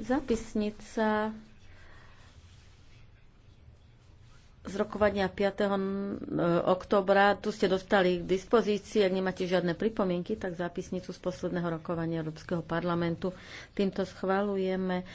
Zapisnica z rokovania 5. E, oktobra. Tu ste dostali k dispozícii, ak nemáte žiadne pripomienky, tak zápisnicu z posledného rokovania Európskeho parlamentu. Týmto schvalujeme.